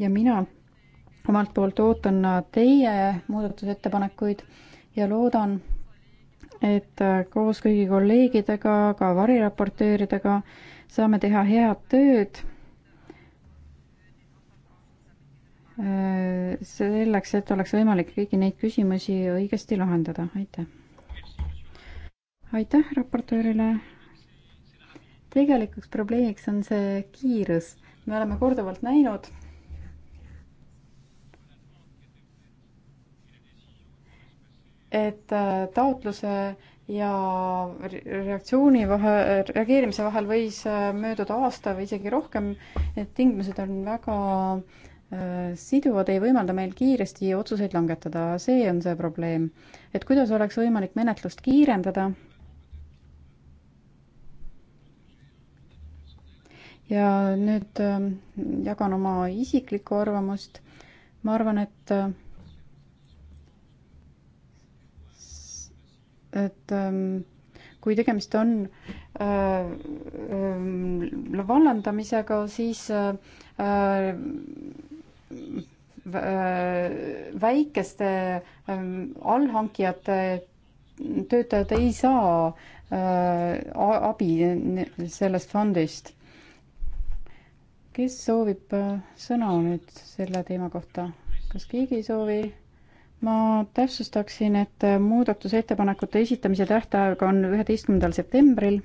ja mina omalt poolt ootan äh, teie muudatusettepanekuid ja loodan, et koos kõigi kolleegidega, ka variraportööridega saame teha head tööd selleks, et oleks võimalik kõiki neid küsimusi õigesti lahendada, aitäh! aitäh raportöörile. tegelikuks probleemiks on see kiirus, me oleme korduvalt näinud. et äh, taotluse ja reaktsiooni vahe, reageerimise vahel võis äh, mööduda aasta või isegi rohkem, et tingimused on väga äh, siduvad, ei võimalda meil kiiresti otsuseid langetada, see on see probleem. et kuidas oleks võimalik menetlust kiirendada ja nüüd ähm, jagan oma isiklikku arvamust. ma arvan, et äh, et ähm, kui tegemist on äh, äh, vallandamisega, siis äh, äh väikeste ähm, allhankijate töötajad ei saa äh, abi sellest fondist kes soovib äh, sõna nüüd selle teema kohta? kas keegi ei soovi? ma täpsustaksin, et äh, muudatusettepanekute esitamise tähtaeg on üheteistkümnendal septembril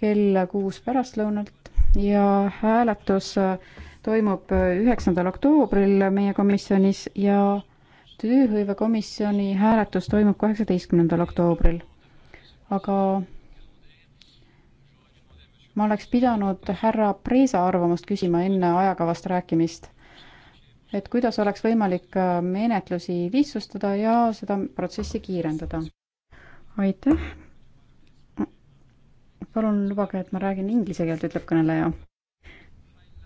kell kuus pärastlõunalt ja hääletus äh, toimub üheksandal oktoobril meie komisjonis ja tööhõivekomisjoni hääletus toimub kaheksateistkümnendal oktoobril. aga ma oleks pidanud härra Preisa arvamust küsima enne ajakavast rääkimist. et kuidas oleks võimalik äh, menetlusi lihtsustada ja seda protsessi kiirendada. aitäh. palun lubage, et ma räägin inglise keelt, ütleb kõneleja.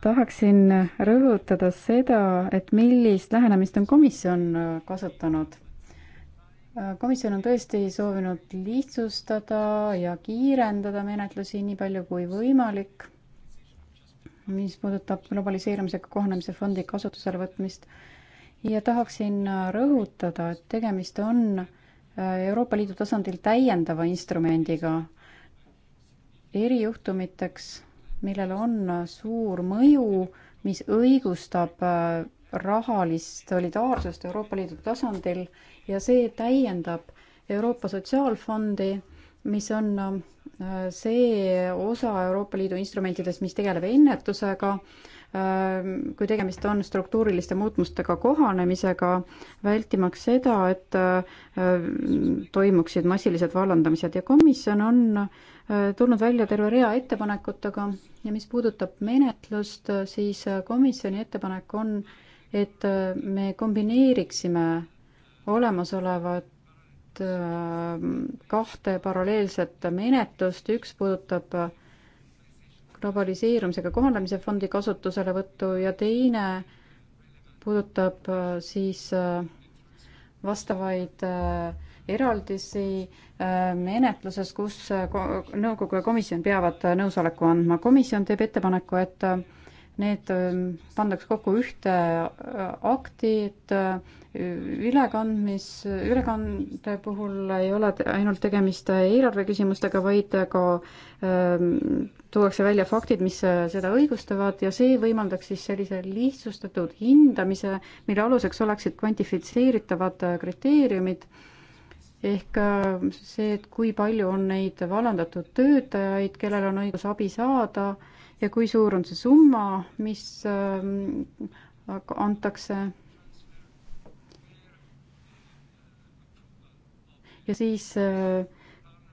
tahaksin rõhutada seda, et millist lähenemist on komisjon äh, kasutanud komisjon on tõesti soovinud lihtsustada ja kiirendada menetlusi nii palju kui võimalik, mis puudutab globaliseerumisega kohanemise fondi kasutusele võtmist. ja tahaksin rõhutada, et tegemist on äh, Euroopa Liidu tasandil täiendava instrumendiga erijuhtumiteks, millel on äh, suur mõju, mis õigustab äh, rahalist solidaarsust Euroopa Liidu tasandil ja see täiendab Euroopa Sotsiaalfondi, mis on äh, see osa Euroopa Liidu instrumentidest, mis tegeleb ennetusega, äh, kui tegemist on struktuuriliste muutmustega kohanemisega, vältimaks seda, et äh, toimuksid massilised vallandamised ja komisjon on tulnud välja terve rea ettepanekutega ja mis puudutab menetlust, siis komisjoni ettepanek on äh, et äh, me kombineeriksime olemasolevat äh, kahte paralleelset menetlust, üks puudutab äh, globaliseerumisega kohanemise fondi kasutuselevõttu ja teine puudutab siis vastavaid eraldisi menetluses, kus nõukogu ja komisjon peavad nõusoleku andma. komisjon teeb ettepaneku, et need ähm, pandaks kokku ühte äh, akti, et äh, ülekandmis, ülekande puhul ei ole ainult tegemist äh, eelarve küsimustega, vaid ka ähm, tuuakse välja faktid, mis seda õigustavad ja see võimaldaks siis sellise lihtsustatud hindamise, mille aluseks oleksid kvantifitseeritavad kriteeriumid, ehk see, et kui palju on neid vallandatud töötajaid, kellel on õigus abi saada äh,, ja kui suur on see summa, mis ähm, antakse. ja siis äh,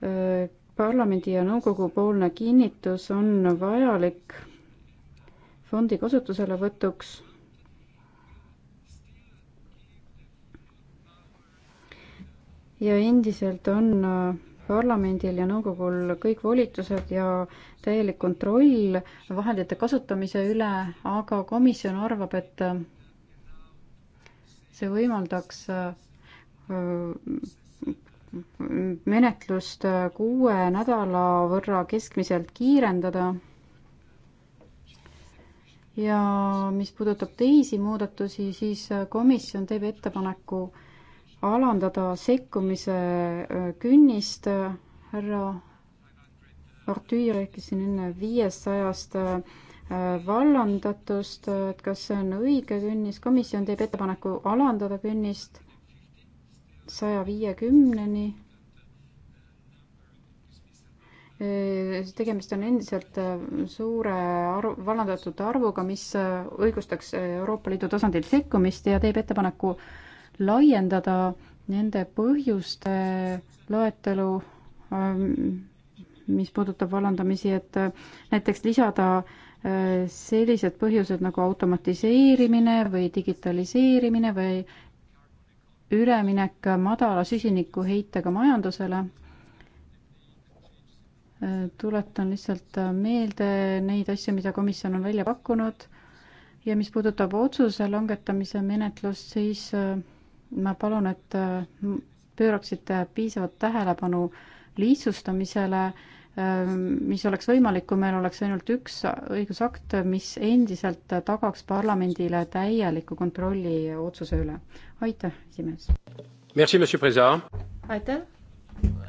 äh, parlamendi ja nõukogu poolne kinnitus on vajalik fondi kasutuselevõtuks ja endiselt on äh, parlamendil ja nõukogul kõik volitused ja täielik kontroll vahendite kasutamise üle, aga komisjon arvab, et see võimaldaks äh, menetlust kuue nädala võrra keskmiselt kiirendada. ja mis puudutab teisi muudatusi, siis komisjon teeb ettepaneku äh, alandada sekkumise äh, künnist äh, härra Artüri rääkis siin enne viiesajast äh, vallandatust, et kas see on õige künnis, komisjon teeb ettepaneku alandada künnist saja viiekümneni. tegemist on endiselt suure arv, vallandatud arvuga, mis õigustaks Euroopa Liidu tasandil sekkumist ja teeb ettepaneku äh, laiendada nende põhjuste loetelu, ähm, mis puudutab vallandamisi, et äh, näiteks lisada äh, sellised põhjused nagu automatiseerimine või digitaliseerimine või üleminek madala süsinikuheitega majandusele. Äh, tuletan lihtsalt meelde neid asju, mida komisjon on välja pakkunud ja mis puudutab otsuse langetamise menetlust, siis ma palun, et äh, pööraksite piisavat tähelepanu lihtsustamisele, äh, mis oleks võimalik, kui meil oleks ainult üks õigusakt, mis endiselt tagaks parlamendile täieliku kontrolli otsuse üle. aitäh, esimees. aitäh,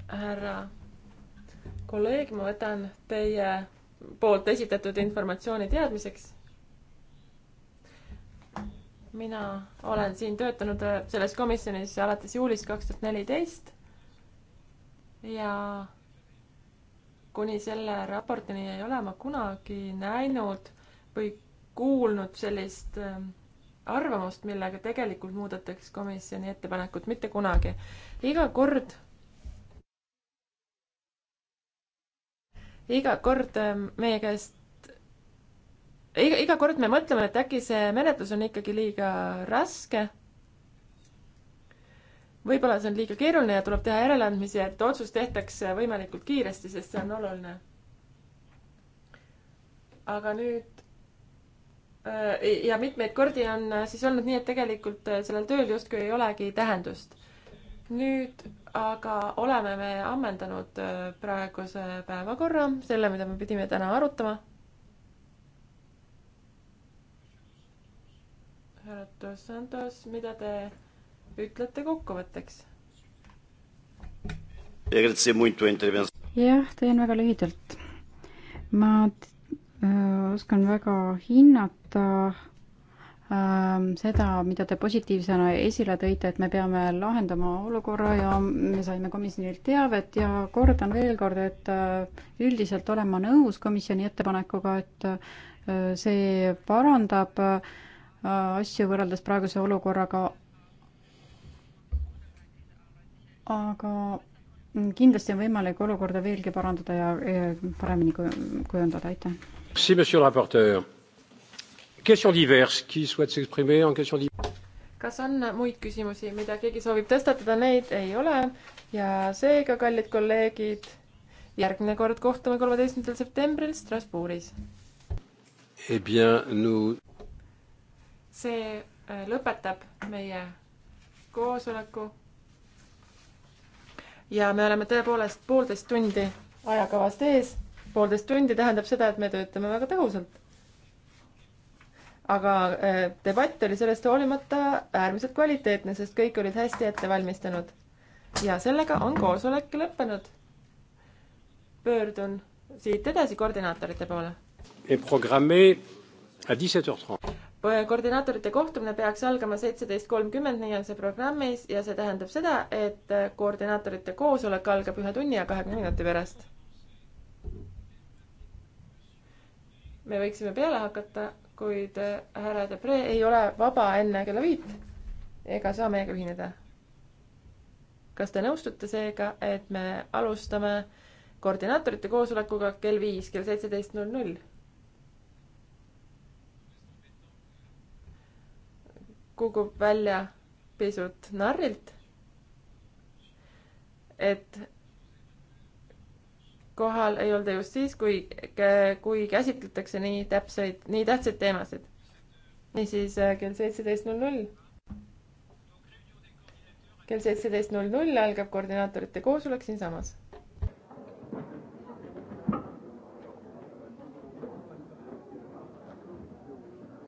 härra kolleeg, ma võtan teie poolt esitatud informatsiooni teadmiseks mina olen siin töötanud äh, selles komisjonis alates juulist kaks tuhat neliteist ja kuni selle raportini ei ole ma kunagi näinud või kuulnud sellist ähm, arvamust, millega tegelikult muudetakse komisjoni ettepanekut, mitte kunagi. iga kord, iga kord ähm, meie käest iga, iga kord me mõtleme, et äkki see menetlus on ikkagi liiga raske. võib-olla see on liiga keeruline ja tuleb teha järeleandmisi, et otsus tehtaks võimalikult kiiresti, sest see on oluline. aga nüüd äh, ja mitmeid kordi on äh, siis olnud nii, et tegelikult äh, sellel tööl justkui ei olegi tähendust. nüüd aga oleme me ammendanud praeguse päevakorra, selle, mida me pidime täna arutama härra Dos Santos, mida te ütlete kokkuvõtteks? jah, teen väga lühidalt. ma äh, oskan väga hinnata ähm, seda, mida te positiivsena esile tõite, et me peame lahendama olukorra ja me saime komisjonilt teavet ja kordan veel kord, et äh, üldiselt olen ma nõus komisjoni ettepanekuga, et äh, see parandab äh, Äh, asju võrreldes praeguse olukorraga. aga kindlasti on võimalik olukorda veelgi parandada ja paremini kujundada, aitäh. Merci, monsieur le rapporteur. Question diverse, qui souhaite s'exprimer en question diverse? kas on muid küsimusi, mida keegi soovib tõstatada, neid ei ole ja seega, kallid kolleegid, järgmine kord kohtume kolmeteistkümnendal septembril Strasbourgis. Eh bien, nous see äh, lõpetab meie koosoleku. ja me oleme tõepoolest poolteist tundi ajakavast ees. poolteist tundi tähendab seda, et me töötame väga tõhusalt. aga äh, debatt oli sellest hoolimata äärmiselt kvaliteetne, sest kõik olid hästi ette valmistanud. ja sellega on koosolek lõppenud. pöördun siit edasi koordinaatorite poole. Et programmé à 17h30 koordinaatorite kohtumine peaks algama seitseteist kolmkümmend, nii on see programmis ja see tähendab seda, et koordinaatorite koosolek algab ühe tunni ja kahekümne minuti pärast. me võiksime peale hakata, kuid härra Debre ei ole vaba enne kella viit ega saa meiega ühineda. kas te nõustute seega, et me alustame koordinaatorite koosolekuga kell viis, kell seitseteist null null? kukub välja pisut narrilt, et kohal ei olda just siis, kui, kui käsitletakse nii täpseid, nii tähtsaid teemasid. niisiis äh, kell seitseteist null null. kell seitseteist null null algab koordinaatorite koosolek siinsamas